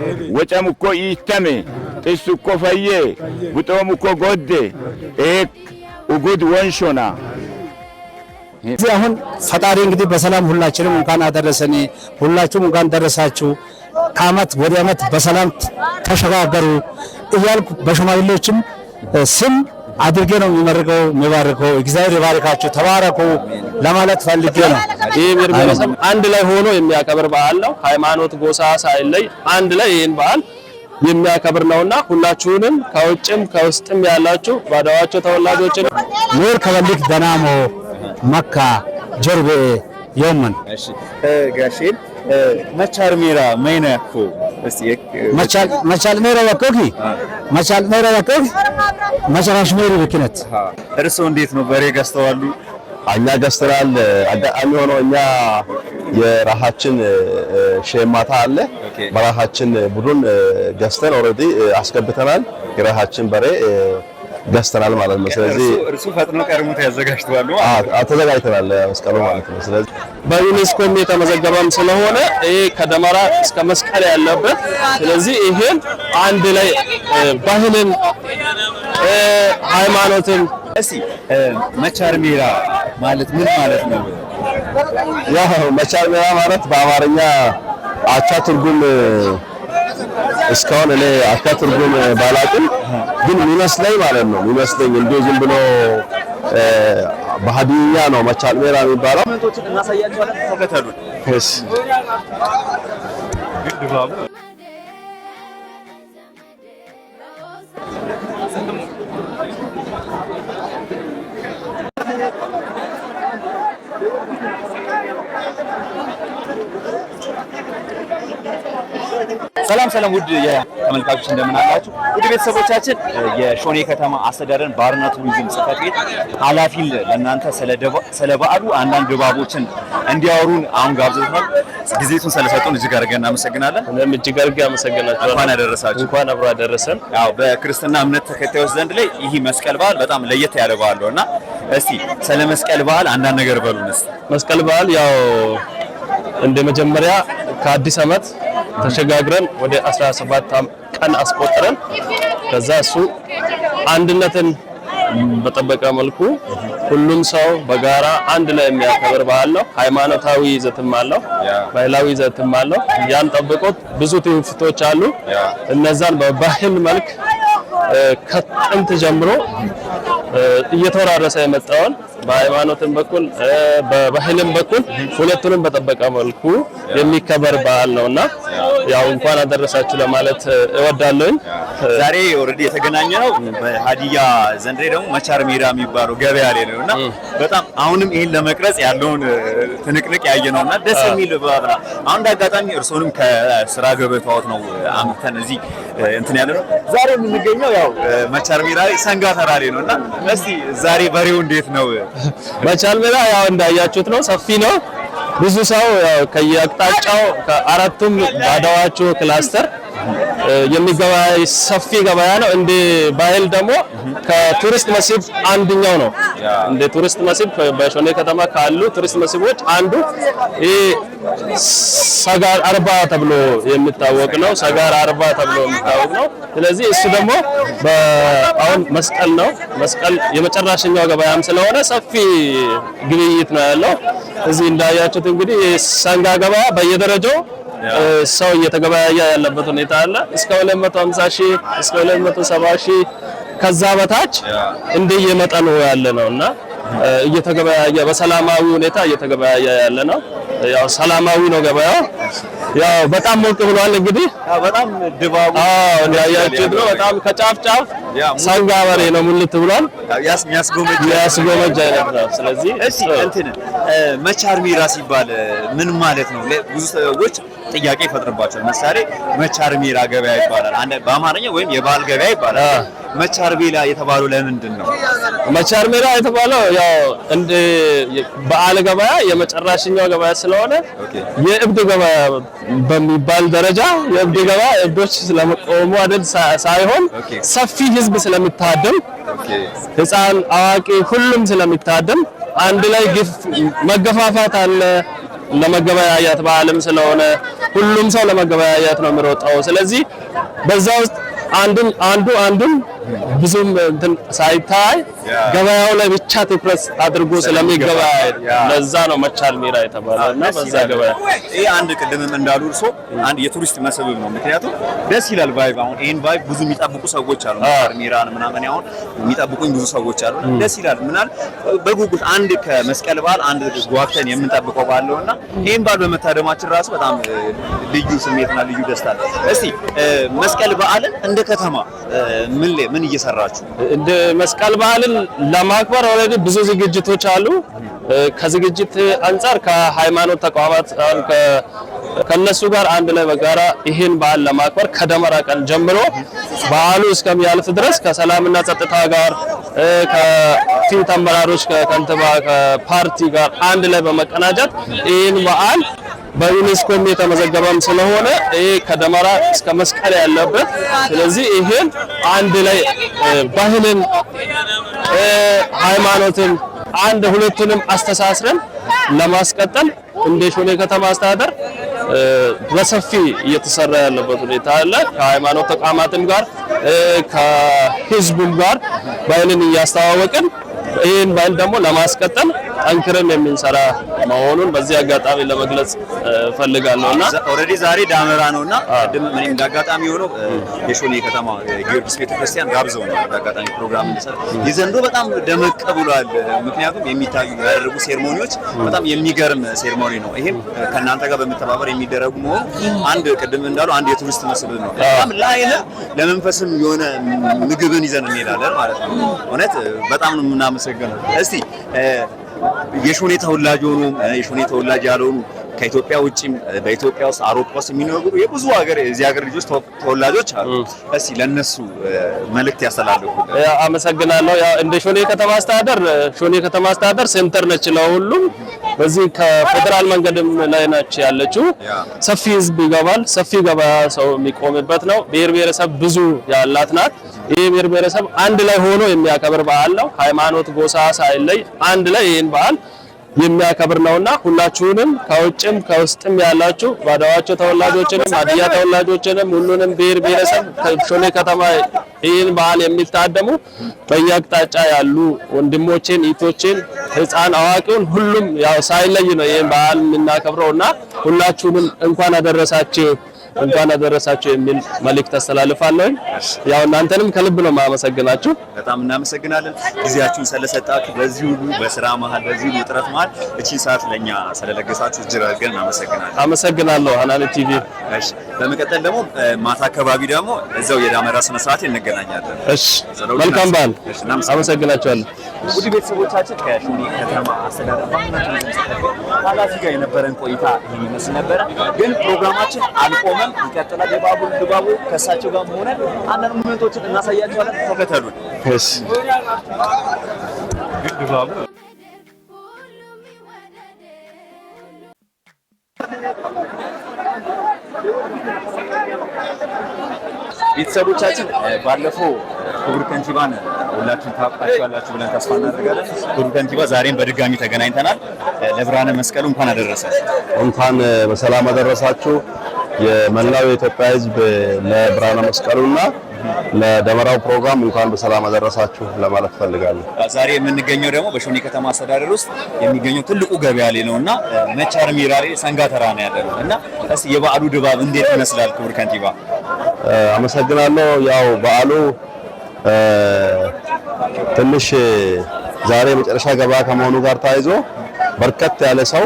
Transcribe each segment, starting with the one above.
ሄሬ ወጨም እኮ ኢተሜ ጥስ እኮ ፈዬ ብጦም እኮ ጎዴ ኤክ እጉድ ወንሾና እዚህ አሁን ፈጣሪ እንግዲህ በሰላም ሁላችንም እንኳን አደረሰን፣ ሁላችሁም እንኳን ደረሳችሁ፣ ከአመት ወደ አመት በሰላም ተሸጋገሩ እያልኩ በሽማግሌዎችም ስም አድርጌ ነው የሚመርቀው የሚባርከው። እግዚአብሔር ይባርካችሁ፣ ተባረኩ ለማለት ፈልጌ ነው። ይህ አንድ ላይ ሆኖ የሚያከብር በዓል ነው። ሃይማኖት፣ ጎሳ ሳይለይ አንድ ላይ ይህን በዓል የሚያከብር ነውና ሁላችሁንም ከውጭም ከውስጥም ያላችሁ ባዳዋቸው ተወላጆች ኑር ከበልክ ደናሞ መካ ጀርቤ የምን እሺ ጋሽን መቻር ሜራ መይነኩ መቻል ሜሮ በቆኪ መቻል ሜሮ በቆኪ መጨራሽ ሜሮ በኪነት እርሶ እንዴት ነው በሬ ገዝተዋሉ? እኛ ገዝተናል። አጋጣሚ ሆኖ እኛ የራሃችን ሼማታ አለ። በራሳችን ቡድን ገዝተን ኦልሬዲ አስገብተናል የራሳችን በሬ ገዝተናል ማለት ነው። ስለዚህ እርሱ ፈጥኖ ቀርሙት ያዘጋጅተዋል ተዘጋጅተናል መስቀሉ ማለት ነው። ስለዚህ በዩኔስኮም የተመዘገበም ስለሆነ ይሄ ከደመራ እስከ መስቀል ያለበት ስለዚህ ይሄን አንድ ላይ ባህልን ሃይማኖትን እስቲ መቻር ሜራ ማለት ምን ማለት ነው? ያው መቻር ሜራ ማለት በአማርኛ አቻ ትርጉም እስካሁን እኔ አቻ ትርጉም ባላቅም ግን የሚመስለኝ ማለት ነው የሚመስለኝ እንዲሁ ዝም ብሎ በሀዲያ ነው መቻል ሜራ የሚባለው ሰላም ሰላም ውድ የተመልካቾች እንደምን አላችሁ? ውድ ቤተሰቦቻችን የሾኔ ከተማ አስተዳደርን ባርና ቱሪዝም ጽሕፈት ቤት ኃላፊን ለእናንተ ስለ በዓሉ አንዳንድ ድባቦችን እንዲያወሩን አሁን ጋብዘናል። ጊዜቱን ስለሰጡን እጅግ አድርገን እናመሰግናለን። እኔም እጅግ አድርጌ አመሰግናችኋለሁ። እንኳን አደረሳችሁ። እንኳን አብሮ አደረሰን። ያው በክርስትና እምነት ተከታዮች ዘንድ ላይ ይህ መስቀል በዓል በጣም ለየት ያለ በዓል ነው እና እስቲ ስለ መስቀል በዓል አንዳንድ ነገር በሉንስ። መስቀል በዓል ያው እንደ መጀመሪያ ከአዲስ ዓመት ተሸጋግረን ወደ 17 ቀን አስቆጥረን ከዛ እሱ አንድነትን በጠበቀ መልኩ ሁሉም ሰው በጋራ አንድ ላይ የሚያከብር ባህል ነው። ሃይማኖታዊ ይዘትም አለው፣ ባህላዊ ይዘትም አለው። ያን ጠብቆ ብዙ ትውፊቶች አሉ። እነዛን በባህል መልክ ከጥንት ጀምሮ እየተወራረሰ የመጣውን በሃይማኖትም በኩል በባህልም በኩል ሁለቱንም በጠበቀ መልኩ የሚከበር በዓል ነውና ያው እንኳን አደረሳችሁ ለማለት እወዳለሁኝ። ዛሬ ኦልሬዲ የተገናኘ ነው በሀዲያ ዘንድሬ ደግሞ መቻር ሜዳ የሚባለው ገበያ ላይ ነውና በጣም አሁንም ይሄን ለመቅረጽ ያለውን ትንቅንቅ ያየ ነውና ደስ የሚል ባብራ አሁን እንዳጋጣሚ እርሶንም ከስራ ገበታዎት ነው አምተን እዚህ እንትን ያለ ነው። ዛሬ የምንገኘው ያው መቻር ሜዳ ላይ ሰንጋ ተራ ላይ ነውና እስቲ ዛሬ በሬው እንዴት ነው? መቻል ሜዳ ያው እንዳያችሁት ነው፣ ሰፊ ነው። ብዙ ሰው ከየአቅጣጫው ከአራቱም አድዋቹ ክላስተር የሚገባ ሰፊ ገበያ ነው። እንደ ባህል ደግሞ ከቱሪስት መስህብ አንድኛው ነው። እንደ ቱሪስት መስህብ በሾኔ ከተማ ካሉ ቱሪስት መስህቦች አንዱ ይህ ሰጋር አርባ ተብሎ የሚታወቅ ነው። ሰጋር አርባ ተብሎ የሚታወቅ ነው። ስለዚህ እሱ ደግሞ አሁን መስቀል ነው። መስቀል የመጨረሻኛው ገበያም ስለሆነ ሰፊ ግብይት ነው ያለው። እዚህ እንዳያችሁት እንግዲህ ሰንጋ ገበያ በየደረጃው ሰው እየተገበያየ ያለበት ሁኔታ አለ። እስከ 250 ሺህ እስከ 270 ሺህ ከዛ በታች እንደየመጠኑ ያለ ነው እና እየተገበያየ በሰላማዊ ሁኔታ እየተገበያየ ያለ ነው። ያው ሰላማዊ ነው ገበያው። ያው በጣም ሞቅ ብሏል እንግዲህ በጣም ድባቡ አዎ እንዳያችሁት ነው። በጣም ከጫፍ ጫፍ ሰንጋ በሬ ነው ሙልት ብሏል። የሚያስጎመጅ አይነት ነው። ስለዚህ መቻር ሚራ ሲባል ምን ማለት ነው? ብዙ ሰዎች ጥያቄ ይፈጥርባቸዋል። ምሳሌ መቻርሜራ ገበያ ይባላል፣ በአማርኛ ወይም የባህል ገበያ ይባላል። መቻርሜራ የተባለው ለምንድን ነው? መቻርሜራ የተባለው ያው እንደ በዓል ገበያ የመጨረሻኛው ገበያ ስለሆነ የእብድ ገበያ በሚባል ደረጃ የእብድ ገበያ እብዶች ስለመቆሙ አይደል ሳይሆን ሰፊ ህዝብ ስለሚታደም ህፃን አዋቂ ሁሉም ስለሚታደም አንድ ላይ መገፋፋት አለ ለመገበያየት በዓልም ስለሆነ ሁሉም ሰው ለመገበያየት ነው የሚሮጠው። ስለዚህ በዛ ውስጥ አንዱ አንዱን ብዙም እንትን ሳይታይ ገበያው ላይ ብቻ ትኩረት አድርጎ ስለሚገባ ለዛ ነው መቻል ሚራ የተባለው ah, እና በዛ ገበያ ይሄ አንድ ቅድምም እንዳሉ እርሶ አንድ የቱሪስት መስህብም ነው። ምክንያቱም ደስ ይላል ቫይብ። አሁን ይሄን ቫይብ ብዙ የሚጠብቁ ሰዎች አሉ። ah. ሚራን ምናምን አሁን የሚጠብቁኝ ብዙ ሰዎች አሉ። hmm. ደስ ይላል። ምናል በጉጉት አንድ ከመስቀል በዓል አንድ ጓክተን የምንጠብቀው በዓል ነውና ይሄን በዓል በመታደማችን ራሱ በጣም ልዩ ስሜትና ልዩ ደስታ። እስቲ መስቀል በዓልን እንደ ከተማ ምን ምን እየሰራችሁ? እንደ መስቀል በዓልን ለማክበር ኦልሬዲ ብዙ ዝግጅቶች አሉ። ከዝግጅት አንጻር ከሃይማኖት ተቋማት ከነሱ ጋር አንድ ላይ በጋራ ይህን በዓል ለማክበር ከደመራ ቀን ጀምሮ በዓሉ እስከሚያልፍ ድረስ ከሰላምና ጸጥታ ጋር ከፊት አመራሮች ከከንቲባ ከፓርቲ ጋር አንድ ላይ በመቀናጀት ይህን በዓል በዩኔስኮም የተመዘገበም ስለሆነ ይሄ ከደመራ እስከ መስቀል ያለበት ስለዚህ ይሄን አንድ ላይ ባህልን ሃይማኖትን አንድ ሁለቱንም አስተሳስረን ለማስቀጠል እንደ ሾኔ ከተማ አስተዳደር በሰፊ እየተሰራ ያለበት ሁኔታ አለ። ከሃይማኖት ተቋማትም ጋር ከህዝቡም ጋር ባህልን እያስተዋወቅን ይህን ባህል ደግሞ ለማስቀጠል ጠንክረን የምንሰራ መሆኑን በዚህ አጋጣሚ ለመግለጽ ፈልጋለሁ እና ኦልሬዲ ዛሬ ዳመራ ነውና ድም ምን እንዳጋጣሚ ሆኖ የሾኔ ከተማ ጊዮርጊስ ቤተክርስቲያን ጋብዘው ነው እንዳጋጣሚ ፕሮግራም እንዲሰራ የዘንድሮ በጣም ደመቅ ብሏል። ምክንያቱም የሚታዩ ያደረጉ ሴርሞኒዎች በጣም የሚገርም ሴርሞኒ ነው። ይሄም ከእናንተ ጋር በመተባበር የሚደረጉ መሆኑ አንድ ቅድም እንዳሉ አንድ የቱሪስት መስህብ ነው። በጣም ለዓይንም ለመንፈስም የሆነ ምግብን ይዘን እንሄዳለን ማለት ነው። እውነት በጣም ነው የምናመሰግነው። እስቲ የሾኔ ተወላጅ ሆኖም የሾኔ ተወላጅ ያልሆኑ ከኢትዮጵያ ውጭ በኢትዮጵያ ውስጥ አውሮፓ ውስጥ የሚኖሩ የብዙ ሀገር እዚህ ሀገር ልጆች ተወላጆች አሉ። እስቲ ለእነሱ መልእክት ያስተላልፉ። አመሰግናለሁ። እንደ ሾኔ ከተማ አስተዳደር ሾኔ ከተማ አስተዳደር ሴንተር ነች ለሁሉም። በዚህ ከፌዴራል መንገድም ላይ ነች ያለችው። ሰፊ ህዝብ ይገባል። ሰፊ ገበያ ሰው የሚቆምበት ነው። ብሔር ብሔረሰብ ብዙ ያላት ናት። ይህ ብሔር ብሔረሰብ አንድ ላይ ሆኖ የሚያከብር በዓል ነው። ሃይማኖት፣ ጎሳ ሳይለይ አንድ ላይ ይህን በዓል የሚያከብር ነውና ሁላችሁንም ከውጭም ከውስጥም ያላችሁ ባዳዋቸው ተወላጆችንም ሀዲያ ተወላጆችንም ሁሉንም ብሔር ብሔረሰብ ከሾኔ ከተማ ይህን በዓል የሚታደሙ በየአቅጣጫ ያሉ ወንድሞችን፣ እህቶችን፣ ህፃን አዋቂውን ሁሉም ያው ሳይለይ ነው ይህን በዓል የምናከብረውና ሁላችሁንም እንኳን አደረሳችሁ። እንኳን አደረሳችሁ የሚል መልእክት አስተላልፋለሁ። ያው እናንተንም ከልብ ነው ማመሰግናችሁ። በጣም እናመሰግናለን ጊዜያችሁን ስለሰጣችሁ፣ በዚህ ሁሉ በስራ መሀል፣ በዚህ ሁሉ ጥረት መሀል ሰዓት ለኛ ስለለገሳችሁ እጅግ አድርገን እናመሰግናለን። አመሰግናለሁ ሀናኒ ቲቪ። እሺ፣ በመቀጠል ደግሞ ማታ አካባቢ ደግሞ እዛው የዳመራ ስነ ስርዓት እንገናኛለን። እሺ፣ መልካም በዓል። አመሰግናችኋለሁ። ውድ ቤተሰቦቻችን ከሾኔ ከተማ አስተዳደር ባንክና ቱሪዝም ኃላፊ ጋር የነበረን ቆይታ ይህን ይመስል ነበረ። ግን ፕሮግራማችን አልቆመም፣ ይቀጥላል። የባቡ ድባቡ ከእሳቸው ጋር ሆነ አንዳንድ ሞመንቶችን እናሳያቸዋለን። ተከተሉን። ቤተሰቦቻችን ባለፈው ክቡር ከንቲባን ሁላችን ታውቃችኋላችሁ ብለን ተስፋ እናደርጋለን። ክቡር ከንቲባ ዛሬም በድጋሚ ተገናኝተናል። ለብርሃነ መስቀሉ እንኳን አደረሰ። እንኳን በሰላም አደረሳችሁ። የመላው የኢትዮጵያ ሕዝብ ለብርሃነ መስቀሉና ለደመራው ፕሮግራም እንኳን በሰላም አደረሳችሁ ለማለት ፈልጋለሁ። ዛሬ የምንገኘው ደግሞ በሾኔ ከተማ አስተዳደር ውስጥ የሚገኘው ትልቁ ገበያ ላይ ነውና መቻር ሚራሬ ሰንጋ ተራ ነው ያለነው እና እስኪ የበዓሉ ድባብ እንዴት ይመስላል? ክቡር ከንቲባ አመሰግናለሁ። ያው በዓሉ ትንሽ ዛሬ መጨረሻ ገበያ ከመሆኑ ጋር ተያይዞ በርከት ያለ ሰው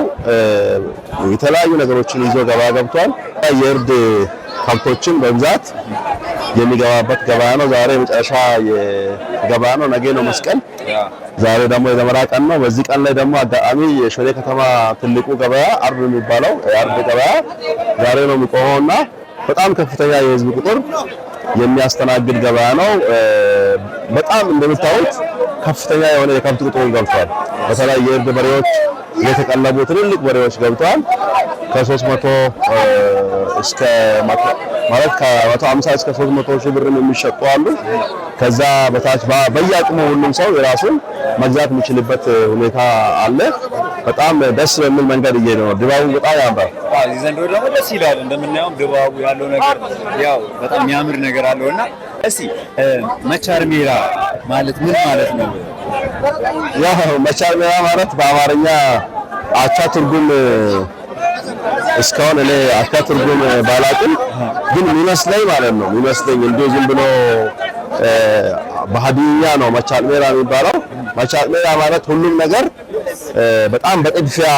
የተለያዩ ነገሮችን ይዞ ገበያ ገብቷል። የእርድ ከብቶችን በብዛት የሚገባበት ገበያ ነው። ዛሬ መጨረሻ ገበያ ነው። ነገ ነው መስቀል። ዛሬ ደግሞ የደመራ ቀን ነው። በዚህ ቀን ላይ ደግሞ አጋጣሚ የሾሌ ከተማ ትልቁ ገበያ አርብ የሚባለው የአርብ ገበያ ዛሬ ነው የሚቆመውና በጣም ከፍተኛ የህዝብ ቁጥር የሚያስተናግድ ገበያ ነው። በጣም እንደምታዩት ከፍተኛ የሆነ የከብት ቁጥሩን ገብቷል። በተለይ የእርድ በሬዎች፣ የተቀለቡ ትልልቅ በሬዎች ገብቷል። ከ300 እስከ ማለት ከ150 እስከ 300 ሺህ ብርም የሚሸጡ አሉ። ከዛ በታች በየአቅሙ ሁሉም ሰው የራሱን መግዛት የሚችልበት ሁኔታ አለ። በጣም ደስ በሚል መንገድ እየሄደ ነው። ድባቡ በጣም ያምራል። ቋል ዘንድሮ ደግሞ ደስ ይላል። እንደምናየው ድባቡ ያለው ነገር ያው በጣም የሚያምር ነገር አለው እና እስቲ መቻር ሜራ ማለት ምን ማለት ነው? ያው መቻር ሜራ ማለት በአማርኛ አቻ ትርጉም እስካሁን እኔ አቻ ትርጉም ባላውቅም ግን የሚመስለኝ ማለት ነው የሚመስለኝ እንዲሁ ዝም ብሎ በሀዲኛ ነው መቻል ሜራ የሚባለው። መቻል ሜራ ማለት ሁሉም ነገር በጣም በጥድፊያ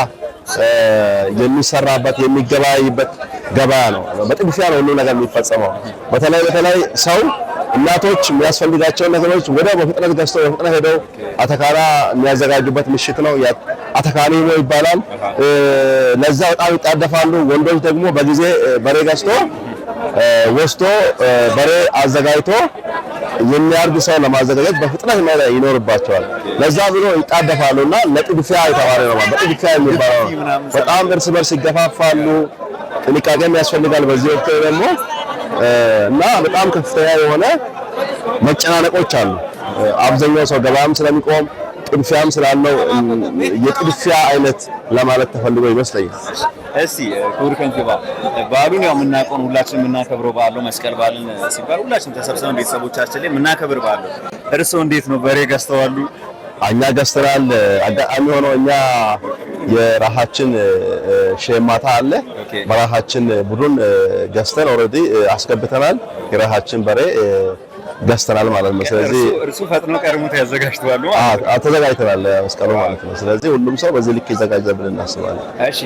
የሚሰራበት የሚገበያይበት ገበያ ነው። በጥድፊያ ነው ሁሉ ነገር የሚፈጸመው። በተለይ በተለይ ሰው እናቶች የሚያስፈልጋቸውን ነገሮች ወደ በፍጥነት ገዝተው በፍጥነት ሄደው አተካራ የሚያዘጋጁበት ምሽት ነው። አተካሪ ነው ይባላል። ለዛ በጣም ይጣደፋሉ። ወንዶች ደግሞ በጊዜ በሬ ገዝቶ ወስዶ በሬ አዘጋጅቶ የሚያርዱ ሰው ለማዘጋጀት በፍጥነት መሄድ ይኖርባቸዋል። ለዛ ብሎ ይጣደፋሉና ለጥድፊያ የተባለ ነው። በጥድፊያ የሚባለው በጣም እርስ በርስ ይገፋፋሉ። ጥንቃቄም ያስፈልጋል በዚህ ወቅት ደግሞ እና በጣም ከፍተኛ የሆነ መጨናነቆች አሉ። አብዛኛው ሰው ገበያም ስለሚቆም ጥድፊያም ስላለው የጥድፊያ አይነት ለማለት ተፈልጎ ይመስለኛል። እስቲ ክቡር ከንቲባ በዓሉን ያው የምናውቀውን ሁላችን የምናከብረው በዓል ነው። መስቀል በዓልን ሲባል ሁላችን ተሰብስበን ቤተሰቦቻችን ላይ የምናከብር በዓል ነው። እርስዎ እንዴት ነው? በሬ ገዝተዋሉ? እኛ ገዝተናል። አጋጣሚ ሆኖ እኛ የራሃችን ሼማታ አለ። በራሃችን ቡድን ገዝተን ኦልሬዲ አስገብተናል። የራሃችን በሬ ገዝተናል ማለት ነው። ስለዚህ እርሱ ፈጥኖ ቀርሙት ያዘጋጅተዋል ማለት ነው። ተዘጋጅተናል መስቀሉ ማለት ነው። ስለዚህ ሁሉም ሰው በዚህ ልክ ይዘጋጃል ብለን እናስባለን። እሺ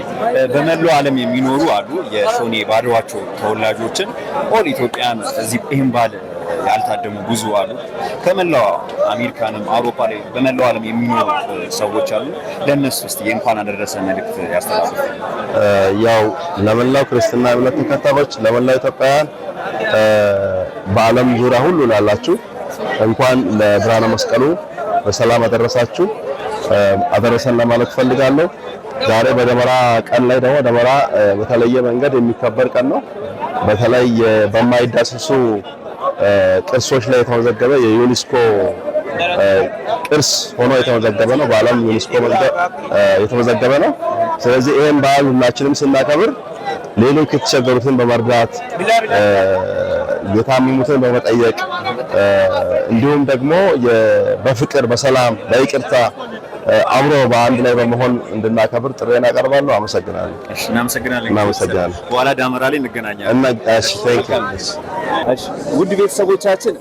በመላው ዓለም የሚኖሩ አሉ የሾኔ ባዶዋቸው ተወላጆችን ኦል ኢትዮጵያን እዚህ ይህን ባለ ያልታደሙ ብዙ አሉ። ከመላው አሜሪካንም አውሮፓ ላይ በመላው ዓለም የሚኖሩ ሰዎች አሉ። ለእነሱ ውስጥ የእንኳን አደረሰ መልእክት ያስተላልፉ። ያው ለመላው ክርስትና እምነት ተከታዮች፣ ለመላው ኢትዮጵያውያን በዓለም ዙሪያ ሁሉ ላላችሁ እንኳን ለብርሃነ መስቀሉ በሰላም አደረሳችሁ አደረሰን ለማለት ፈልጋለሁ። ዛሬ በደመራ ቀን ላይ ደግሞ ደመራ በተለየ መንገድ የሚከበር ቀን ነው። በተለይ በማይዳሰሱ ቅርሶች ላይ የተመዘገበ የዩኒስኮ ቅርስ ሆኖ የተመዘገበ ነው። በዓለም ዩኒስኮ የተመዘገበ ነው። ስለዚህ ይሄን በዓል ሁላችንም ስናከብር ሌሎች የተቸገሩትን በመርዳት የታመሙትን በመጠየቅ እንዲሁም ደግሞ በፍቅር በሰላም በይቅርታ አብሮ በአንድ ላይ በመሆን እንድናከብር ጥሬን አቀርባለሁ። አመሰግናለሁ። እናመሰግናለን። እናመሰግናለን። በኋላ ዳመራ ላይ እንገናኛለን። እሺ፣ ቴንክ ዩ። እሺ፣ ውድ ቤተሰቦቻችን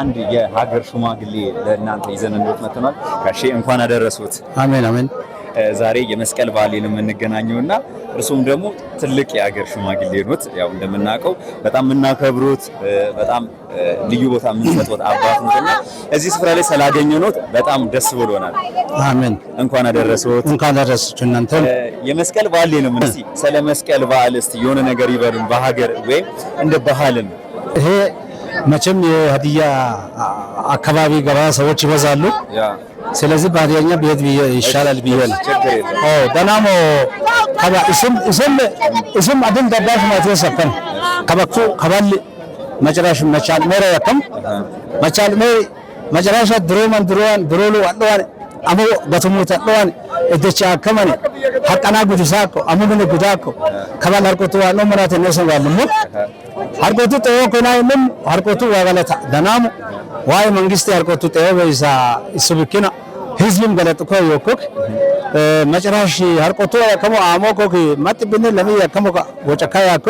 አንድ የሀገር ሽማግሌ ለእናንተ ይዘን እንደወጥ መጥተናል። ጋሼ እንኳን አደረሱት። አሜን አሜን። ዛሬ የመስቀል በዓል ነው የምንገናኘው እና እርሱም ደግሞ ትልቅ የሀገር ሽማግሌ ኖት። ያው እንደምናውቀው በጣም የምናከብሮት በጣም ልዩ ቦታ የምንሰጥዎት አባት ኖት እና እዚህ ስፍራ ላይ ስላገኘ ኖት በጣም ደስ ብሎናል። አሜን። እንኳን አደረሰዎት። እንኳን አደረሳችሁ። እናንተ የመስቀል በዓል ነው ምን? ስለ መስቀል በዓል እስቲ የሆነ ነገር ይበሉን። በሀገር ወይም እንደ ባህልን ይሄ መቼም የሀዲያ አካባቢ ገበያ ሰዎች ይበዛሉ። ስለዚህ በሀዲያኛ ብሄድ ይሻላል ብዬ ነው። ደናሞ እስም አድን ደዳሽ ማቴስ ሰፈን ከበኩ ከባል መጨራሽ መቻል ሜረ ያከም መቻል ሜ መጨራሻ ድሮማን ድሮዋን ድሮሉ አለዋን አሞ በትሙት አለዋን እደቻ ከመን ሀቀና ጉዲሳኮ አሙ ምን ጉዳኮ ከባል አርቆቱ ዋኖ ምናተ ነው ሰንጋልሙ ሀርቆቱ ጠዮ ኮናይንም ሀርቆቱ ዋገለታ ደናሙ ዋይ መንግስት ሀርቆቱ ጠዮ በይሳ ስብኪና ህዝብም ገለጥኮ የኮክ መጨራሽ ሀርቆቱ ከሞ አሞ ኮክ ማጥብነ ለሚ ከሞ ወጨካ ያኮ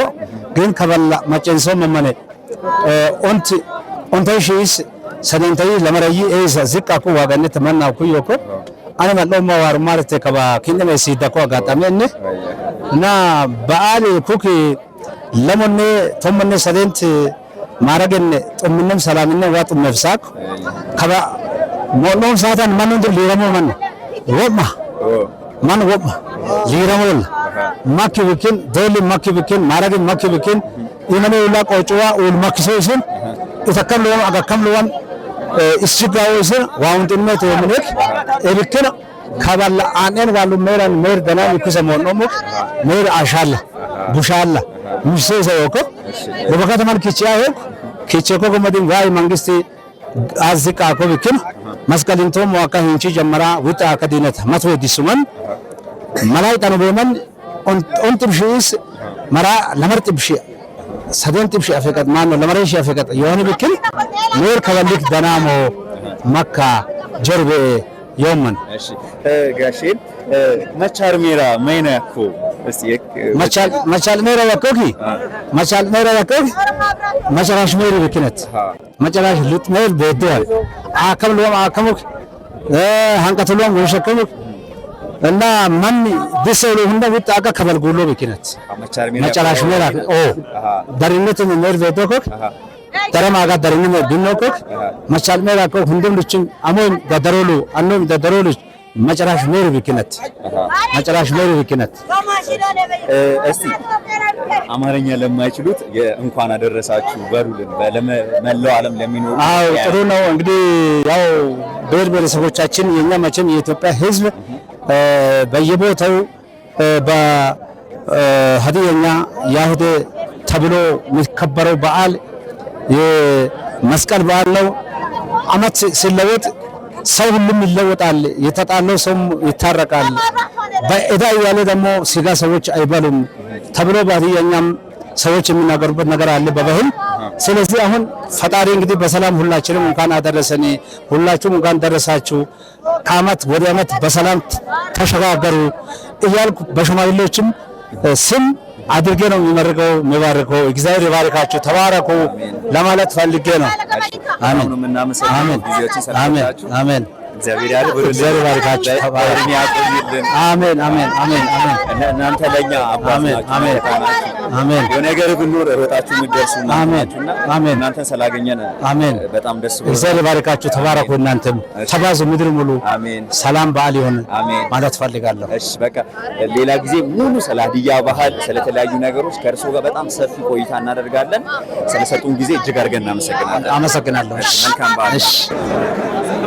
ግን ከበላ መጨንሶ መመነ ኦንት ኦንተሽስ ሰደንተይ ለመረይ ኤዛ ዝቃኩ ዋጋነት መናው ኩዮኮ አነ መለማ ዋር ማርተ ከባ ኪንደመ ሲደኮ አጋጣሚ እና በዓል ኩክ ለሞኔ ቶሞኔ ሰዴንት ማረገን ጥምንም ሰላምነ ዋ ጥመፍሳክ ከባ ሞሎም ሳታን ማን እንደ ሊረሞ ማን ወማ ማን ወማ ሊረሞ ማኪ ብኪን ዶሊ ማኪ ብኪን ማረገን ማኪ ብኪን ኢመኔ ውላ ቆጭዋ ኡል ማክሶይስን ኢተከም ለዋም አጋከም ለዋም እስጅጋውስን ዋውን ጥመት ወምንክ እብክን ከባላ አኔን ባሉ ሜራን ሜር ደና ይኩሰሞን ነው ሙክ ሜር አሻላ ቡሻላ ሙሴሰ ዮኮ በበከተ መልክ ቺ አዮክ ኪቸኮ ጎመዲን ጋይ መንግስቲ አዝቃ ኮ ቢክን መስቀልንቶ ሙአካ ሂንቺ ጀመራ ውጣ ከዲነት መቶ ዲሱመን መላይ ጠኑ ቤመን ኦንጥም ሺስ መራ ለመርጥም ሺ ሰደንጥም ሺ አፈቀጥ ማን ለመረ ሺ አፈቀጥ የሆነ ቢክን ኑር ከበልክ ደናሞ መካ ጀርቤ የመን ጋሼ መቻር ሜራ መይና ያኮ መቻል ሜረ በኮኪ መቻል ሜረ በኮኪ መጨራሽ ሜሪ ብክነት መጨራሽ ልጥ ሜል ቤደዋል አከም ሎም አከሙክ ሀንቀት ሎም ወሸከሙክ እና ማን ቢሰሉ ሁንደ ቢጣ አቀ ከበል ጉሎ ብክነት መጨራሽ ሜራ ኦ ደሪነት ሜር ቤደኮክ ተረማ ጋ ደሪነት ቢኖኮክ መቻል ሜራ ኮክ ሁንደም ልችን አሞን ገደሮሉ አኖም ገደሮሉ መጨራሽ ኖር ብክነት መጨራሽ ኖር ብክነት። እስቲ አማርኛ ለማይችሉት እንኳን አደረሳችሁ በሉልን። በመላው ዓለም ለሚኖሩ አዎ፣ ጥሩ ነው እንግዲህ ያው ብሔር ብሔረሰቦቻችን የኛ መቼም የኢትዮጵያ ሕዝብ በየቦታው በሀዲያኛ ያሁደ ተብሎ የሚከበረው በዓል የመስቀል በዓል ነው። አመት ሲለወጥ ሰው ሁሉም ይለወጣል። የተጣለው ሰውም ይታረቃል። በእዳ እያለ ደግሞ ስጋ ሰዎች አይበሉም ተብሎ ባትያኛም ሰዎች የሚናገሩበት ነገር አለ በባህል። ስለዚህ አሁን ፈጣሪ እንግዲህ በሰላም ሁላችንም እንኳን አደረሰን፣ ሁላችሁም እንኳን ደረሳችሁ፣ ከአመት ወደ አመት በሰላም ተሸጋገሩ እያልኩ በሽማግሌዎችም ስም አድርጌ ነው የሚመርቀው የሚባርከው። እግዚአብሔር ይባርካችሁ፣ ተባረኩ ለማለት ፈልጌ ነው። አሜን አሜን አሜን። እግዚአብሔር ያለ ብሩ እግዚአብሔር ባርካችሁ። ያቆይልን። አሜን አሜን አሜን አሜን። እናንተ ለኛ አባት አሜን አሜን። የነገር ብንኖር ሮጣችሁ የሚደርሱ አሜን አሜን። እናንተ ስላገኘን አሜን። በጣም ደስ ብሎ እግዚአብሔር ባርካችሁ። ተባረኩ። እናንተም ተባዙ። ምድር ሙሉ አሜን። ሰላም በዓል ይሁን ማለት ፈልጋለሁ። እሺ በቃ ሌላ ጊዜ ሙሉ ስለ ሀዲያ ባህል፣ ስለተለያዩ ነገሮች ከእርሶ ጋር በጣም ሰፊ ቆይታ እናደርጋለን። ስለሰጡን ጊዜ እጅግ አድርገን እናመሰግናለን። አመሰግናለሁ። መልካም በዓል።